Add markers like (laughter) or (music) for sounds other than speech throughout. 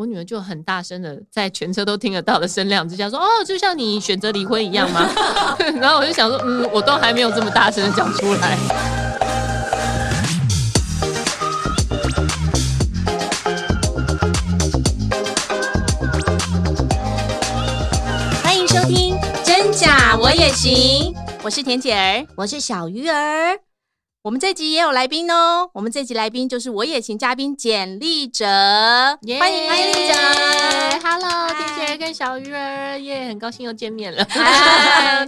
我女兒就很大聲的，在全車都聽得到的聲量之下說：“哦，就像你選擇離婚一樣嗎？” (laughs) (laughs) 然後我就想說：“嗯，我都還沒有這麼大聲的講出來。”歡迎收聽《真假我也行》，我是恬姐兒，我是小瑜兒。我們這集也有來賓哦，我們這集來賓就是我也請嘉賓簡立喆，yeah, 歡迎歡迎立喆，Hello，Hi 恬姐兒跟小魚兒耶，yeah, 很高興又見面了，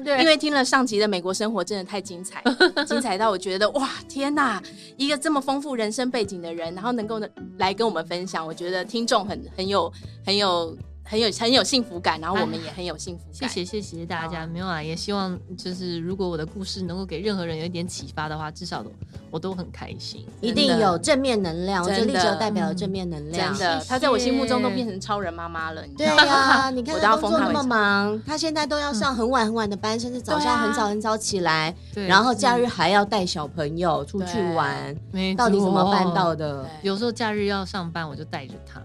因為聽了上集的美國生活真的太精彩， (laughs) 精彩到我覺得哇，天哪，一個這麼豐富人生背景的人，然後能夠來跟我們分享，我覺得聽眾很很有很有。很有很有很有幸福感，然後我們也很有幸福感。謝謝謝謝大家，沒有啊，也希望就是如果我的故事能夠給任何人有一點啟發的話，至少我都很開心。一定有正面能量，我覺得立喆代表了正面能量。真的，他在我心目中都變成超人媽媽了。對呀，你看我工作那麼忙，他現在都要上很晚很晚的班，甚至早上很早很早起來，然後假日還要帶小朋友出去玩，到底怎麼辦到的？有時候假日要上班，我就帶着他。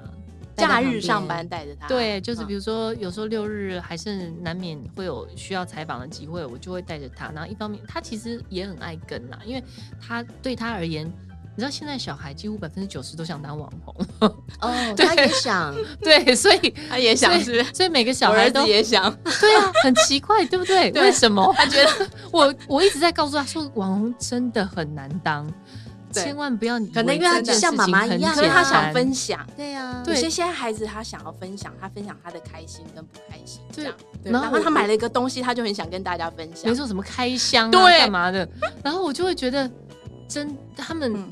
假日上班帶着他，對，就是比如說有時候六日還是難免會有需要採訪的機會，我就會帶着他。然後一方面他其實也很愛跟啊，因為他對他而言，你知道現在小孩幾乎百分之九十都想當網紅哦，對他也想，對，所以他也想所以，所以每個小孩都也想， (laughs) 對啊，很奇怪，對不對？為什麼？吧他覺得我我一直在告訴他說，網紅真的很難當。千萬不要，你可能因為他就像媽媽一樣，因為他想分享，對啊，對。有些現在孩子他想要分享，他分享他的開心跟不開心這樣。然後他買了一個東西，他就很想跟大家分享。沒說什麼開箱、啊，對幹嘛的？然後我就會覺得， (laughs) 真他們。嗯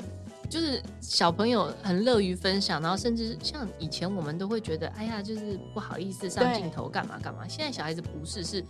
就是小朋友很樂於分享，然後甚至像以前我們都會覺得，哎呀，就是不好意思上鏡頭幹嘛幹嘛。對現在小孩子不是，是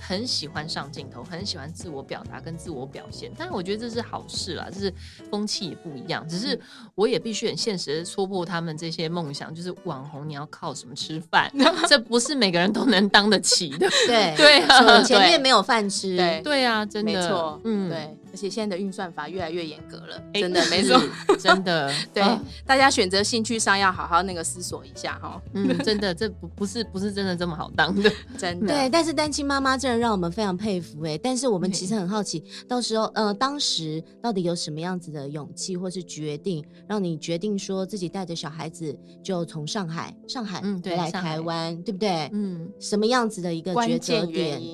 很喜歡上鏡頭，很喜歡自我表達跟自我表現。但是我覺得這是好事啦，就是風氣也不一樣。只是我也必須很現實的戳破他們這些夢想，就是網紅你要靠什麼吃飯？ (laughs) 這不是每個人都能當得起的。對對， (laughs) 對啊，我們前面沒有飯吃，對。對啊，真的，沒錯錯，嗯，對。而且現在的運算法越來越嚴格了，真的沒錯，真的對。大家選擇興趣上要好好那個思索一下哈。嗯，真的，這不不是不是真的這麼好當的，真的。對，但是單親媽媽真的讓我們非常佩服哎。但是我們其實很好奇，到時候呃，當時到底有什麼樣子的勇氣或是決定，讓你決定說自己帶着小孩子就從上海上海，嗯對，來台灣，對不對？嗯，什麼樣子的一個抉擇。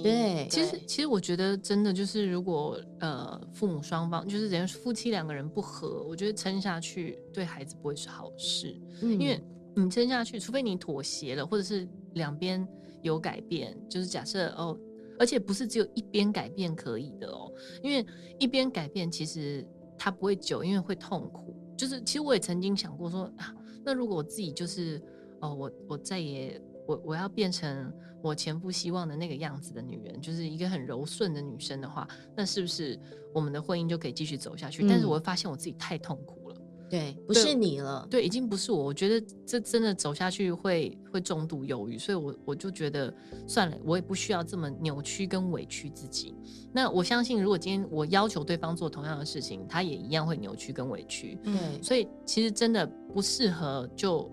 對，其實其實我覺得真的就是如果呃。父母雙方就是等於夫妻兩個人不和，我覺得撐下去對孩子不會是好事。嗯嗯，因為你撐下去，除非你妥協了，或者是兩邊有改變。就是假設哦，而且不是只有一邊改變可以的哦，因為一邊改變其實它不會久，因為會痛苦。就是其實我也曾經想過說啊，那如果我自己就是哦，我我再也。我我要變成我前夫希望的那個樣子的女人，就是一個很柔順的女生的話，那是不是我們的婚姻就可以繼續走下去？嗯、但是我會發現我自己太痛苦了，對，不是你了對，對，已經不是我。我覺得這真的走下去會會重度憂鬱，所以我，我我就覺得算了，我也不需要這麼扭曲跟委屈自己。那我相信，如果今天我要求對方做同樣的事情，他也一樣會扭曲跟委屈。對、嗯，所以其實真的不適合就。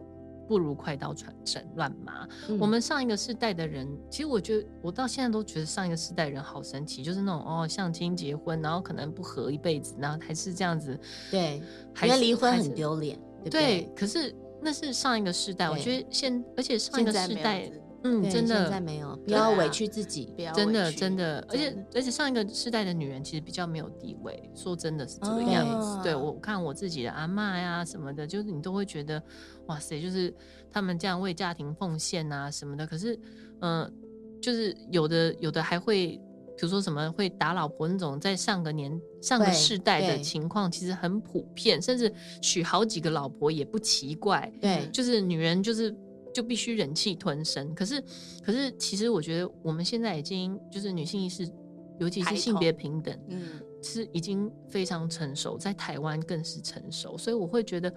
不如快刀斬斬亂麻。嗯，我們上一個世代的人，其實我覺得我到現在都覺得上一個世代人好神奇，就是那種哦，相親結婚，然後可能不合一輩子，然後還是這樣子。對，還得是離婚很丟臉，是對。對，可是那是上一個世代，對我覺得現，而且上一個世代。嗯，對真的，現在沒有，不要委屈自己，啊、不要真的，真的，而且，的而且上一個世代的女人其實比較沒有地位，說真的是這個樣子。哦、對，我看我自己的阿嬤呀、啊、什麼的，就是你都會覺得，哇塞，就是他們這樣為家庭奉獻啊什麼的。可是，嗯、呃，就是有的，有的還會，比如說什麼會打老婆那種，在上個年上個世代的情況其實很普遍，甚至娶好幾個老婆也不奇怪。對，就是女人就是。就必須忍氣吞聲，可是，可是，其實我覺得我們現在已經就是女性意識，尤其是性別平等，嗯，是已經非常成熟，在台灣更是成熟，所以我會覺得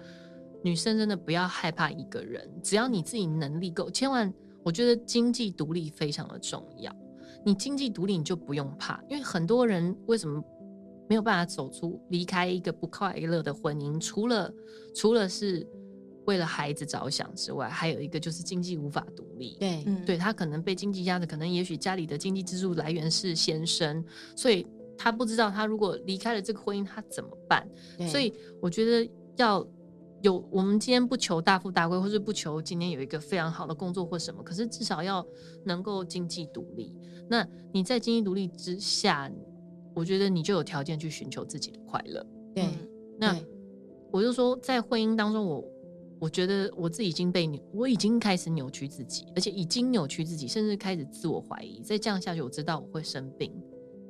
女生真的不要害怕一個人，只要你自己能力夠，千萬我覺得經濟獨立非常的重要，你經濟獨立你就不用怕，因為很多人為什麼沒有辦法走出離開一個不快樂的婚姻，除了除了是。為了孩子着想之外，還有一個就是經濟無法獨立。對，嗯、對，他可能被經濟壓着，可能也許家裡的經濟支柱來源是先生，所以他不知道他如果離開了這個婚姻，他怎麼辦。對，所以我覺得要有我們今天不求大富大貴，或者不求今天有一個非常好的工作或什麼，可是至少要能夠經濟獨立。那你在經濟獨立之下，我覺得你就有條件去尋求自己的快樂。對、嗯，那我就說在婚姻當中我。我覺得我自己已經被扭，我已經開始扭曲自己，而且已經扭曲自己，甚至開始自我懷疑。再這樣下去，我知道我會生病，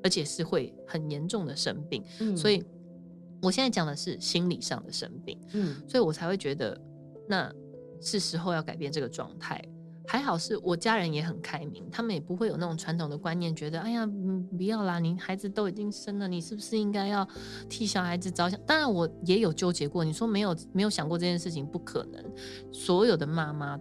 而且是會很嚴重的生病。嗯，所以，我現在講的是心理上的生病。嗯，所以我才會覺得，那是時候要改變這個狀態。還好是我家人也很開明，他們也不會有那種傳統的觀念，覺得哎呀、嗯，不要啦，你孩子都已經生了，你是不是應該要替小孩子着想？當然我也有糾結過，你說沒有沒有想過這件事情不可能，所有的媽媽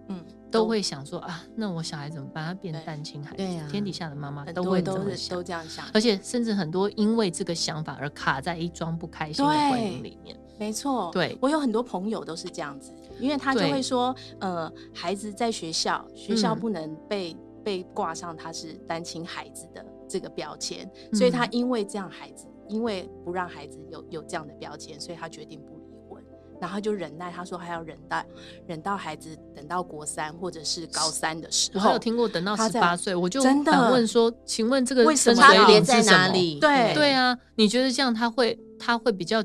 都會想說啊，那我小孩怎麼辦？他變單親孩子？對啊，天底下的媽媽都會都是都這樣想，而且甚至很多因為這個想法而卡在一樁不開心的婚姻裡面。沒錯，對，我有很多朋友都是這樣子，因為他就會說，對呃，孩子在學校，學校不能被、嗯、被掛上他是單親孩子的這個標籤，嗯、所以他因為這樣，孩子因為不讓孩子有有這樣的標籤，所以他決定不離婚，然後就忍耐，他說還要忍耐，忍到孩子等到國三或者是高三的時候，我有聽過等到十八歲，在我就真的問說，的請問這個為什麼連在哪裡？對對啊，你覺得這樣他會他會比較？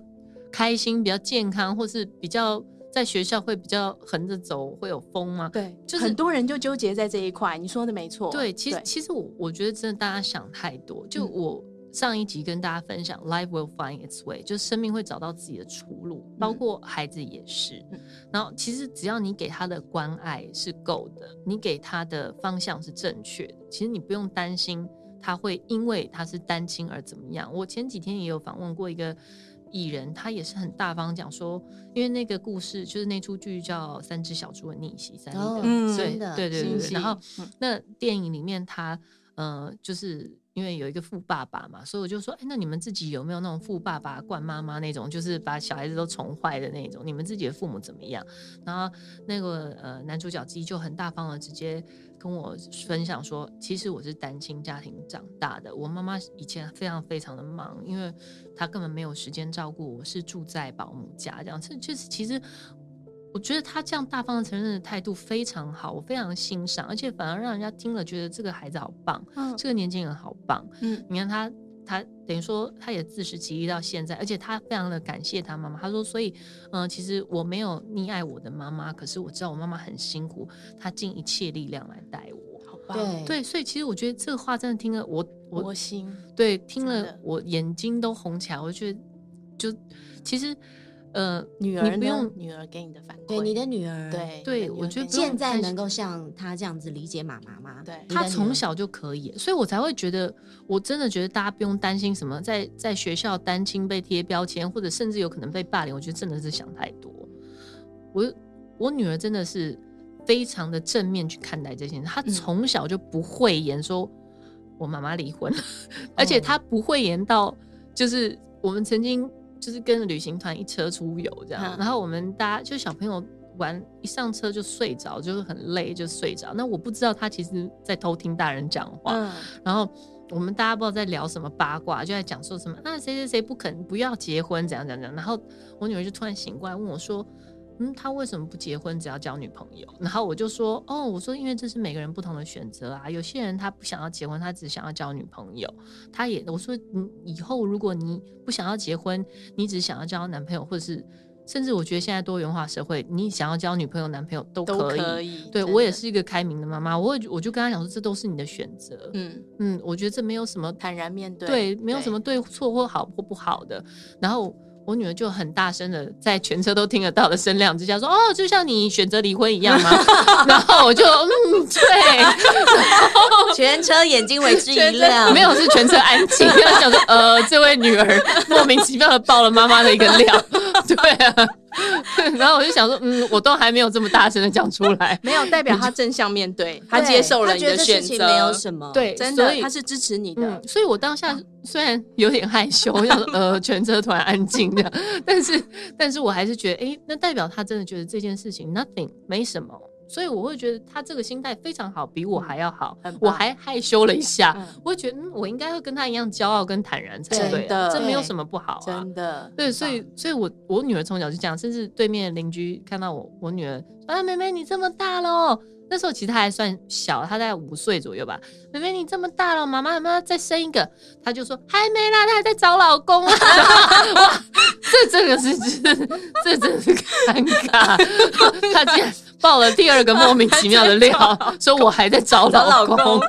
開心比較健康，或是比較在學校會比較橫着走，會有風嗎？對，就是、很多人就糾結在這一塊。你說的沒錯。對，其實對其實我我覺得真的大家想太多。就我上一集跟大家分享，life will find its way，、嗯、就是生命會找到自己的出路，嗯、包括孩子也是。嗯、然後其實只要你給他的關愛是夠的，你給他的方向是正確的，其實你不用擔心他會因為他是單親而怎麼樣。我前幾天也有訪問過一個。藝人他也是很大方講說，因為那個故事就是那出劇叫《三隻小豬的逆襲》，三隻的、哦，對對對對，對。西然後那電影裡面他，呃，就是因為有一個富爸爸嘛，所以我就說，哎、欸，那你們自己有沒有那種富爸爸慣媽媽那種，就是把小孩子都寵壞的那種？你們自己的父母怎麼樣？然後那個呃男主角自己就很大方的直接。跟我分享說，其實我是單親家庭長大的，我媽媽以前非常非常的忙，因為她根本沒有時間照顧我，是住在保姆家這樣。這其實，我覺得她這樣大方的承認的態度非常好，我非常欣賞，而且反而讓人家聽了覺得這個孩子好棒，嗯、這個年輕人好棒。嗯，你看他。他等於說，他也自食其力到現在，而且他非常的感謝他媽媽。他說：“所以，嗯、呃，其實我沒有溺愛我的媽媽，可是我知道我媽媽很辛苦，她盡一切力量來帶我。對”好吧，對，所以其實我覺得這個話真的聽了我，我我心對聽了，我眼睛都紅起來。我覺得就，就其實。呃，女兒不用，女兒給你的反饋，對你的女兒，對，對我覺得現在能夠像她這樣子理解媽媽嗎？對，她從小就可以，欸，所以我才會覺得，我真的覺得大家不用擔心什麼，在在學校單親被貼標籤，或者甚至有可能被霸凌，我覺得真的是想太多。我我女兒真的是非常的正面去看待這件事，她從小就不諱言說我媽媽離婚，嗯、而且她不諱言到，就是我們曾經。就是跟旅行團一車出遊這樣，嗯、然後我們大家就小朋友玩，一上車就睡着，就是很累就睡着那我不知道他其實在偷聽大人講話，嗯、然後我們大家不知道在聊什麼八卦，就在講說什麼啊，誰誰誰不肯不要結婚怎樣怎樣。然後我女兒就突然醒過來問我說。嗯，他為什麼不結婚，只要交女朋友？然後我就說，哦，我說因為這是每個人不同的選擇啊。有些人他不想要結婚，他只想要交女朋友。他也我說，你以後如果你不想要結婚，你只想要交男朋友，或者是甚至我覺得現在多元化社會，你想要交女朋友、男朋友都可以。可以對，的我也是一個開明的媽媽，我我就跟他講說，這都是你的選擇。嗯嗯，我覺得這沒有什麼，坦然面對，對，沒有什麼對錯或好或不好的。對然後。我女兒就很大聲的，在全車都聽得到的聲量之下說：“哦，就像你選擇離婚一樣嗎？” (laughs) 然後我就嗯，對， (laughs) 全車眼睛為之一亮，沒有是全車安靜，不要想着呃，這位女兒莫名其妙的爆了媽媽的一個料。 (laughs) 對啊，然後我就想說，嗯，我都還沒有這麼大聲的講出來， (laughs) 沒有代表他正向面對，就對他接受了你的選擇，沒有什麼，對，真的，所以他是支持你的。嗯、所以我當下、啊、雖然有點害羞，讓呃全車突然安靜這樣， (laughs) 但是，但是我還是覺得，誒、欸，那代表他真的覺得這件事情 nothing 沒什麼。所以我會覺得他這個心態非常好，比我還要好，嗯、我還害羞了一下。嗯、我會覺得，嗯，我應該會跟他一樣驕傲跟坦然才對，的這沒有什麼不好、啊、真的，對，所以，吧所以我，我我女兒從小就這樣，甚至對面鄰居看到我，我女兒說：“啊，妹妹你這麼大咯，那時候其實她還算小，她在五歲左右吧。妹妹你這麼大了，媽媽媽媽再生一個，她就說還沒啦，她還在找老公啊。 (laughs) (laughs) 哇，這這個是真，這真是尷尬， (laughs) (laughs) 她竟然。爆了第二個莫名其妙的料，說我還在找老公。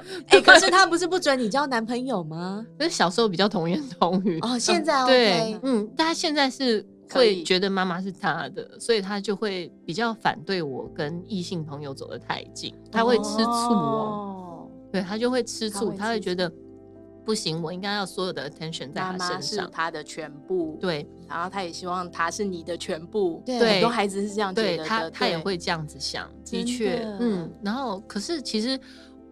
可是他不是不准你交男朋友嗎？可是對小時候比較童言童語哦，現在對，嗯，他現在是會覺得媽媽是他的，所以他就會比較反對我跟異性朋友走得太近，他會吃醋哦。哦對，他就會吃醋，他會吃醋，他會覺得。不行，我應該要所有的 attention 在他身上，媽媽是他的全部。對，然後他也希望他是你的全部。對，很多孩子是這樣覺得的，對他對他也會這樣子想。的確，嗯。然後，可是其實，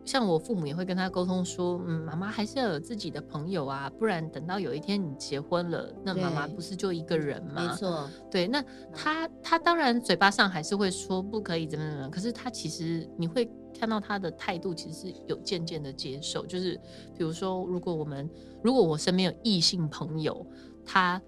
像我父母也會跟他溝通說：“嗯，媽媽還是要有自己的朋友啊，不然等到有一天你結婚了，那媽媽不是就一個人嗎？”沒錯。對，那他、嗯、他當然嘴巴上還是會說不可以怎麼怎麼，可是他其實你會。看到他的態度，其實是有漸漸的接受。就是比如說如，如果我們如果我身邊有異性朋友，他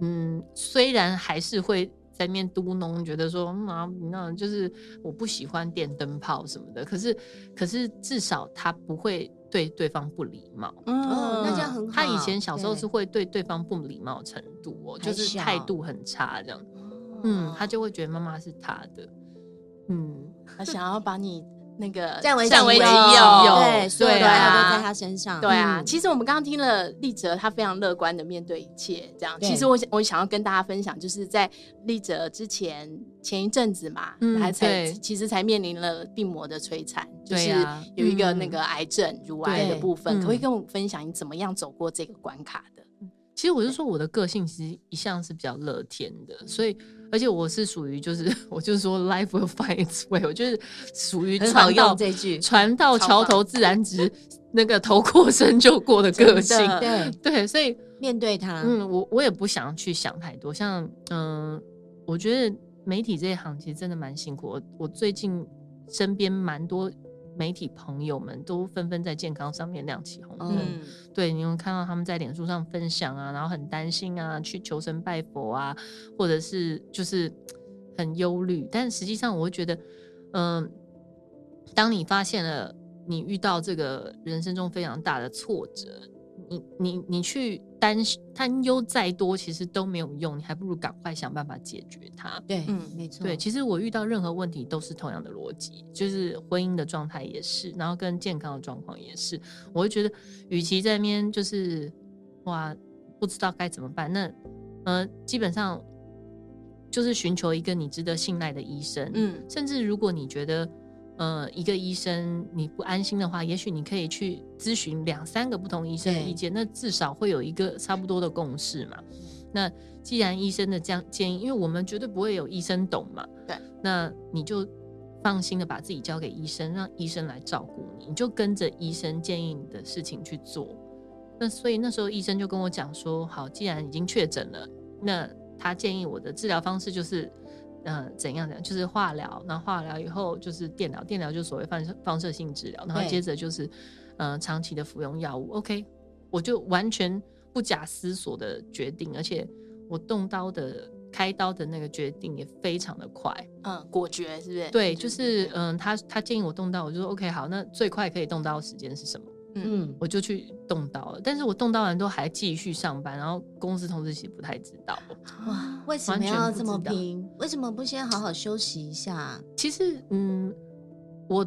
嗯，雖然還是會在面嘟囔，覺得說、嗯、啊，那、啊、就是我不喜歡電燈泡什麼的。可是可是至少他不會對對方不禮貌。嗯，嗯，那這樣很好。他以前小時候對是會對對方不禮貌程度哦、喔，就是態度很差這樣。小嗯，他就會覺得媽媽是他的，嗯，他想要把你。那個佔為、佔為己有。對對啊，在他身上。對啊，其實我們剛剛聽了立喆，她非常樂觀的面對一切，這樣。其實我想，我想要跟大家分享，就是在立喆之前前一陣子嘛，還才其實才面臨了病魔的摧殘，就是有一個那個癌症、乳癌的部分。可不可以跟我們分享，你怎麼樣走過這個關卡的？其實我是說，我的個性其實一向是比較樂天的，所以。而且我是屬於，就是我就是說，life will find its way。我就是屬於傳到這句“船到橋頭自然直”，那個頭過身就過的個性，對對，所以面對它，嗯，我我也不想去想太多。像嗯、呃，我覺得媒體這一行其實真的蠻辛苦。我我最近身邊蠻多。媒體朋友們都紛紛在健康上面亮起紅燈，嗯、對，你有看到他們在臉書上分享啊，然後很擔心啊，去求神拜佛啊，或者是就是很憂慮。但實際上，我會覺得，嗯、呃，當你發現了你遇到這個人生中非常大的挫折，你你你去。擔憂再多，其實都沒有用，你還不如趕快想辦法解決它。對，嗯，沒錯。對，其實我遇到任何問題都是同樣的邏輯，就是婚姻的狀態也是，然後跟健康的狀況也是，我會覺得，與其在那邊就是哇，不知道該怎麼辦，那，呃，基本上就是尋求一個你值得信賴的醫生。嗯，甚至如果你覺得。呃，一個醫生你不安心的話，也許你可以去諮詢兩三個不同醫生的意見，對那至少會有一個差不多的共識嘛。那既然醫生的這樣建議，因為我們絕對不會有醫生懂嘛，對，那你就放心的把自己交給醫生，讓醫生來照顧你，你就跟着醫生建議你的事情去做。那所以那時候醫生就跟我講說，好，既然已經確診了，那他建議我的治療方式就是。嗯、呃，怎樣怎樣？就是化療，那化療以後就是電療，電療就所謂放射放射性治療，然後接着就是，嗯對、呃，長期的服用藥物。OK，我就完全不假思索的決定，而且我動刀的開刀的那個決定也非常的快，嗯，果決是不是？對,就是嗯、呃，他他建議我動刀，我就說 OK 好，那最快可以動刀的時間是什麼？嗯，我就去動刀了，但是我動刀完都還繼續上班，然後公司同事其實不太知道。哇、啊，為什麼要這麼拼？為什麼不先好好休息一下？其實，嗯，我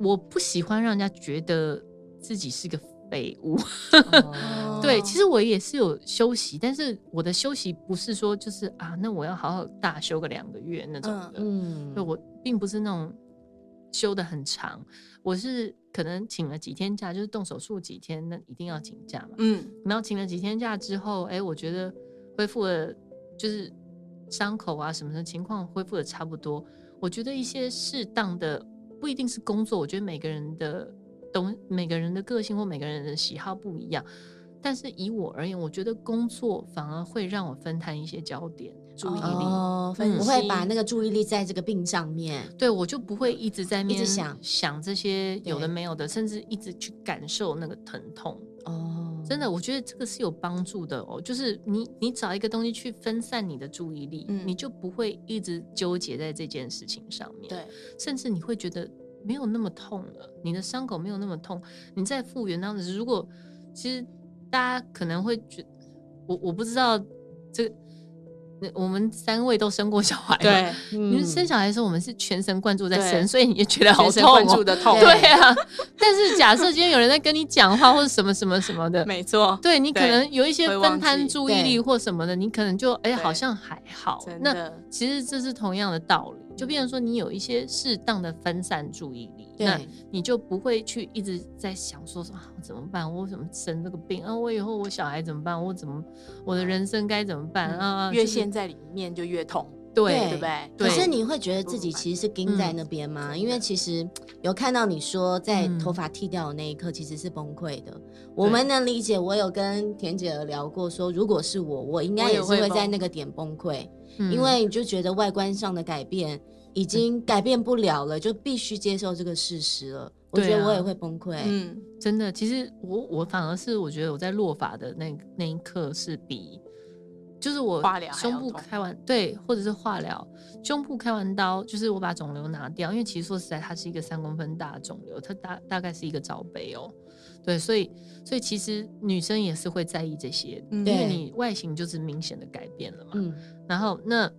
我不喜歡讓人家覺得自己是個廢物。 (laughs) 哦、對，其實我也是有休息，但是我的休息不是說就是啊，那我要好好大休個兩個月那種的。嗯，我並不是那種休得很長，我是。可能請了幾天假，就是動手術幾天，那一定要請假嘛。嗯，然後請了幾天假之後，哎、欸，我覺得恢復了，就是傷口啊什麼的情況恢復的差不多。我覺得一些適當的，不一定是工作，我覺得每個人的東，每個人的個性或每個人的喜好不一樣。但是以我而言，我覺得工作反而會讓我分攤一些焦點注意力哦，不析、嗯、我會把那個注意力在這個病上面。對，我就不會一直在面、嗯、一直想想這些有的沒有的，對甚至一直去感受那個疼痛哦。真的，我覺得這個是有幫助的哦。就是你你找一個東西去分散你的注意力，嗯、你就不會一直糾結在這件事情上面。對，甚至你會覺得沒有那麼痛了，你的傷口沒有那麼痛。你在復原當時，如果其實。大家可能會覺得，我我不知道這，這我們三位都生過小孩，對，嗯、你們生小孩的時候，我們是全神貫注在生，對所以你就覺得好痛，全神貫注的痛。對啊，但是假設今天有人在跟你講話或者什麼什麼什麼的，沒錯錯，對你可能有一些分攤注意力或什麼的，你可能就哎、欸、好像還好。那其實這是同樣的道理。就變成說，你有一些適當的分散注意力，對那你就不會去一直在想說什麼、啊、怎麼辦？我怎麼生這個病啊？我以後我小孩怎麼辦？我怎麼我的人生該怎麼辦、嗯、啊？就是、越陷在裡面就越痛，對，對不對？對對，可是你會覺得自己其實是釘在那邊嗎？對嗯、因為其實有看到你說，在頭髮剃掉的那一刻，其實是崩潰的。嗯、我們能理解。我有跟恬姐聊過說，說如果是我，我應該也是會在那個點崩潰，崩嗯、因為你就覺得外觀上的改變。已經改變不了了，嗯、就必須接受這個事實了。啊、我覺得我也會崩潰。嗯，真的，其實我我反而是我覺得我在落髮的那那一刻是比，就是我胸部開完對，或者是化療胸部開完刀，就是我把腫瘤拿掉，因為其實說實在，它是一個三公分大的腫瘤，它大大概是一個罩杯哦、喔。對，所以所以其實女生也是會在意這些，嗯、因為你外形就是明顯的改變了嘛。嗯、然後那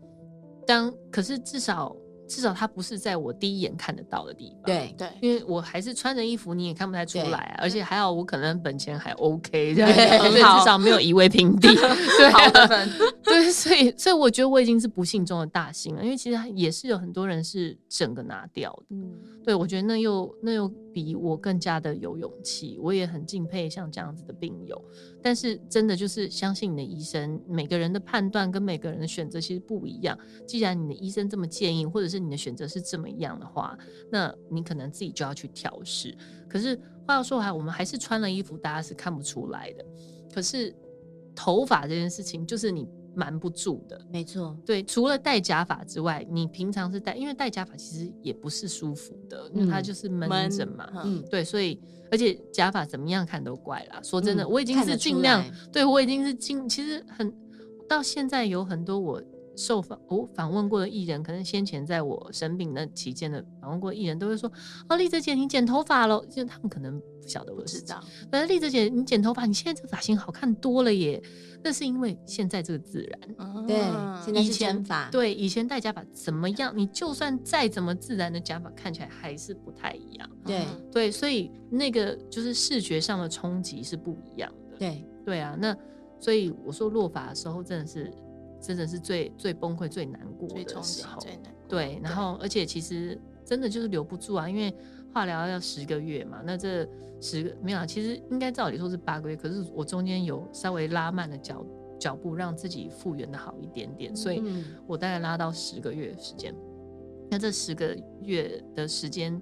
當可是至少。至少它不是在我第一眼看得到的地方，對對，對，因為我還是穿着衣服，你也看不太出來，啊、對而且還好，我可能本錢還 OK，對，對對，所以至少沒有夷為平地。好 (laughs) 對、啊，對，所以所以我覺得我已經是不幸中的大幸了，因為其實也是有很多人是整個拿掉的。嗯、對，我覺得那又那又。比我更加的有勇氣，我也很敬佩像這樣子的病友。但是真的就是相信你的醫生，每個人的判斷跟每個人的選擇其實不一樣。既然你的醫生這麼建議，或者是你的選擇是這麼一樣的話，那你可能自己就要去調適。可是話要說回來，我們還是穿了衣服，大家是看不出來的。可是頭髮這件事情，就是你。瞞不住的，沒錯 錯。對，除了戴假髮之外，你平常是戴，因為戴假髮其實也不是舒服的，因為它就是悶着嘛。嗯，嗯對，所以而且假髮怎麼樣看都怪啦。說真的，嗯、我已經是盡量，對，我已經是盡，其實很到現在有很多我。受訪哦，訪問過的藝人，可能先前在我生病那期間的訪問過的藝人，都會說：“哦，立喆姐，你剪頭髮咯，現在他們可能不曉得我知道。反正立喆姐，你剪頭髮，你現在這個髮型好看多了耶。那是因為現在這個自然，對、啊，現在是真髮，前啊、對，以前戴假髮怎麼樣？你就算再怎麼自然的假髮，看起來還是不太一樣。對對，所以那個就是視覺上的衝擊是不一樣的。對對啊，那所以我說落髮的時候，真的是。真的是最最崩潰、最難過的時候，最充實、最難過。對，對，然後而且其實真的就是留不住啊，因為化療要十個月嘛。那這十個，沒有，其實應該照理說是八個月，可是我中間有稍微拉慢了腳腳步，讓自己復原的好一點點，所以我大概拉到十個月時間。嗯、那這十個月的時間，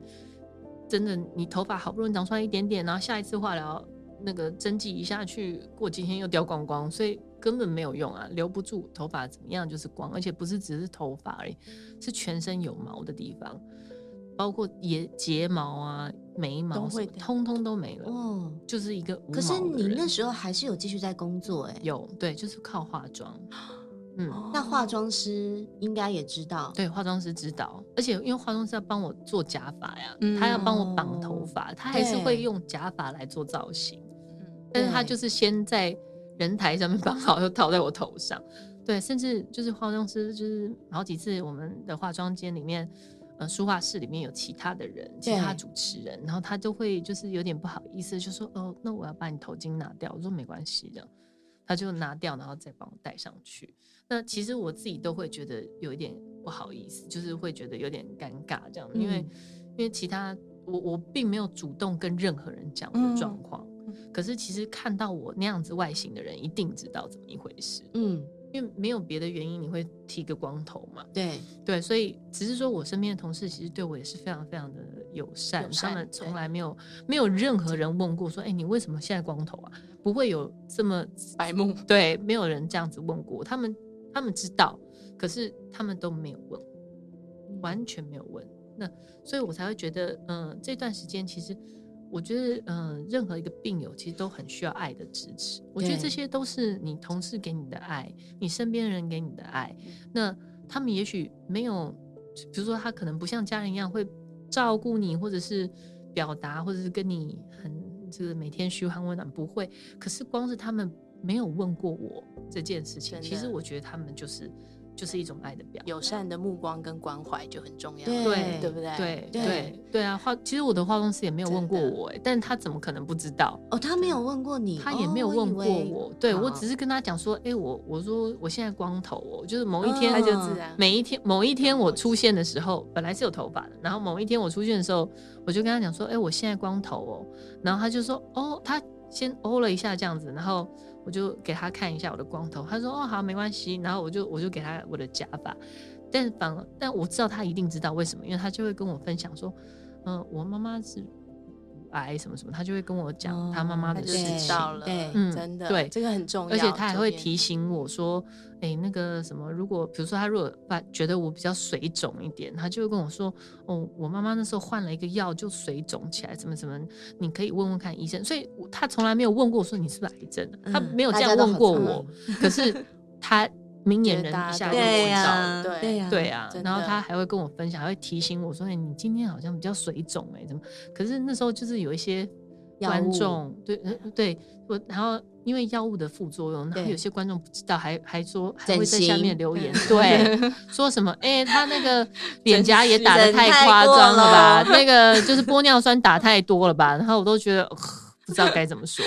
真的你頭髮好不容易長出來一點點，然後下一次化療，那個針劑一下去，過幾天又掉光光，所以根本沒有用啊，留不住頭髮，怎麼樣就是光，而且不是只是頭髮而已，是全身有毛的地方，包括眼睫毛啊、眉毛，都會通通都沒了，哦、就是一個無毛的人。可是你那時候還是有繼續在工作哎？欸，有對，就是靠化妝，嗯，哦、那化妝師應該也知道，對，化妝師知道，而且因為化妝師要幫我做假髮呀，嗯哦、他要幫我綁頭髮，他還是會用假髮來做造型。但是他就是先在人台上面綁好，又套在我頭上。對，甚至就是化妝師，就是好幾次我們的化妝間裡面，呃，梳化室裡面有其他的人，其他主持人，對然後他就會就是有點不好意思，就說：“哦，那我要把你頭巾拿掉。”我說：“沒關係。”這樣，他就拿掉，然後再幫我戴上去。那其實我自己都會覺得有一點不好意思，就是會覺得有點尷尬這樣，嗯、因為因為其他我我並沒有主動跟任何人講我的狀況。嗯可是其實看到我那樣子外形的人，一定知道怎麼一回事。嗯，因為沒有別的原因，你會剃個光頭嘛？對對，所以只是說我身邊的同事其實對我也是非常非常的友善，友善，他們從來沒有沒有任何人問過說，哎、欸，你為什麼現在光頭啊？不會有這麼白目。對，沒有人這樣子問過，他們他們知道，可是他們都沒有問，完全沒有問。那所以我才會覺得，嗯、呃，這段時間其實。我覺得，嗯、呃，任何一個病友其實都很需要愛的支持。對我覺得這些都是你同事給你的愛，你身邊人給你的愛。那他們也許沒有，比如說他可能不像家人一樣會照顧你，或者是表達，或者是跟你很就是、這個、每天噓寒問暖，不會。可是光是他們沒有問過我這件事情，真的其實我覺得他們就是。就是一種愛的表，友善的目光跟關懷就很重要，對，對不對？對對對啊！化其實我的化妝師也沒有問過我哎，但他怎麼可能不知道？哦，他沒有問過你，他也沒有問過我。對，我只是跟他講說，哎，我我說我現在光頭哦，就是某一天，他就自然。每一天，某一天我出現的時候，本來是有頭髮的，然後某一天我出現的時候，我就跟他講說，哎，我現在光頭哦，然後他就說，哦，他先哦了一下這樣子，然後。我就給他看一下我的光頭，他說，哦，好，沒關係，然後我就我就給他我的假髮，但反而，但我知道他一定知道為什麼，因為他就會跟我分享說，嗯，呃，我媽媽是。癌什麼什麼，他就會跟我講他媽媽的事情。嗯嗯、對，真的，對，的對這個很重要。而且他還會提醒我說：“哎邊、欸，那個什麼，如果比如說他如果把覺得我比較水腫一點，他就會跟我說：‘哦，我媽媽那時候換了一個藥就水腫起來，怎麼怎麼？’你可以問問看醫生。所以他從來沒有問過我說你是不是癌症，嗯、他沒有這樣問過我。可是他。 (laughs) 明眼人一下就會知道，對呀，對呀，對啊。然後他還會跟我分享，還會提醒我說：“哎、欸，你今天好像比較水腫，哎，怎麼？”可是那時候就是有一些觀眾，藥物，對，對，我然後因為藥物的副作用，然後有些觀眾不知道，還還說，還會在下面留言，對，對 (laughs) 說什麼：“哎、欸，他那個臉頰也打得太誇張了吧？了吧那個就是玻尿酸打太多了吧？” (laughs) 然後我都覺得不知道該怎麼說，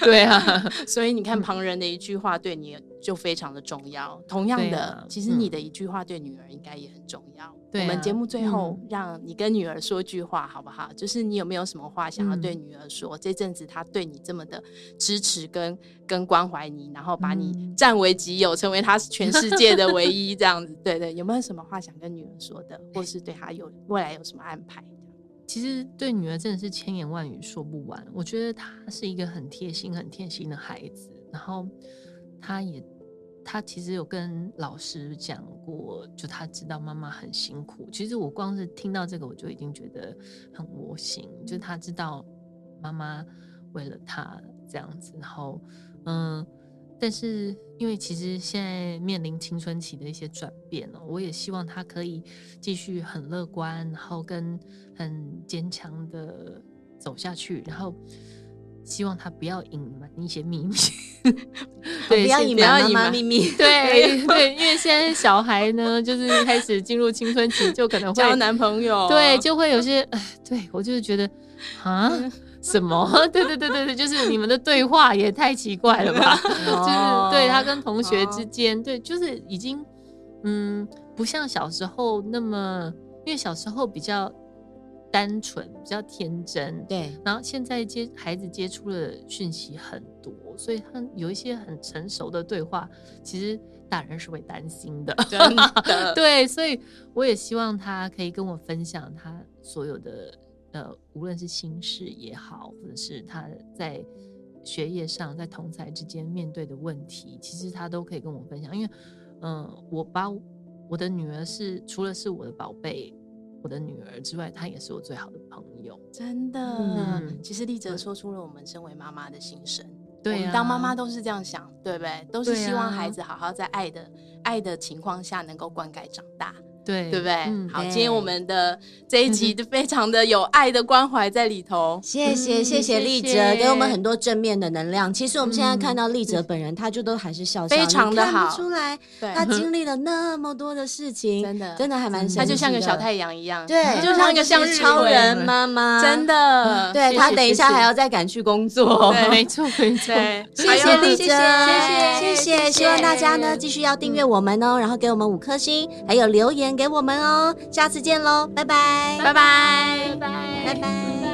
對啊。所以你看旁人的一句話對你就非常的重要。同樣的，啊、其實你的一句話對女兒應該也很重要。對啊、我們節目最後讓你跟女兒說一句話，好不好？嗯、就是你有沒有什麼話想要對女兒說？嗯、這陣子她對你這麼的支持跟跟關懷你，然後把你佔為己有，嗯、成為她全世界的唯一，這樣子。 (laughs) 對，對對，有沒有什麼話想跟女兒說的，或是對她有未來有什麼安排？其實對女兒真的是千言萬語說不完。我覺得她是一個很貼心、很貼心的孩子，然後她也。他其實有跟老師講過，就他知道媽媽很辛苦。其實我光是聽到這個，我就已經覺得很窩心。就他知道媽媽為了他這樣子，然後，嗯，但是因為其實現在面臨青春期的一些轉變，我也希望他可以繼續很樂觀，然後跟很堅強的走下去，然後。希望他不要隱瞞一些秘密，對、哦，不要隱瞞秘密。對對，以對，因為現在小孩呢， (laughs) 就是開始進入青春期，就可能會交男朋友，對，就會有些，哎，對我就是覺得，啊， (laughs) 什麼？對對對對對，就是你們的對話也太奇怪了吧？ (laughs) 就是對他跟同學之間，對，就是已經，嗯，不像小時候那麼，因為小時候比較。單純比較天真，對。然後現在接孩子接觸的訊息很多，所以他有一些很成熟的對話，其實大人是會擔心的。真的 (laughs) 對，所以我也希望他可以跟我分享他所有的呃，無論是心事也好，或者是他在學業上在同儕之間面對的問題，其實他都可以跟我分享。因為，嗯、呃，我包我的女兒是除了是我的寶貝。我的女兒之外，她也是我最好的朋友。真的，嗯、其實立喆說出了我們身為媽媽的心聲。對、啊，當媽媽都是這樣想，對不對？都是希望孩子好好在愛的、愛的情況下能夠灌溉長大。對，對不對？好，今天我們的這一集就非常的有愛的關懷在裡頭。謝謝，謝謝立喆，給我們很多正面的能量。其實我們現在看到立喆本人，他就都還是笑，非常的好出來。對，他經歷了那麼多的事情，真的真的還蠻，他就像個小太陽一樣，對，就像一個像超人媽媽，真的。對他，等一下還要再趕去工作，沒錯沒錯。謝謝立喆，謝謝謝謝，希望大家呢繼續要訂閱我們哦，然後給我們五顆星，還有留言。給我們哦，下次見嘍，拜拜，拜拜，拜拜，拜拜，拜拜、拜拜。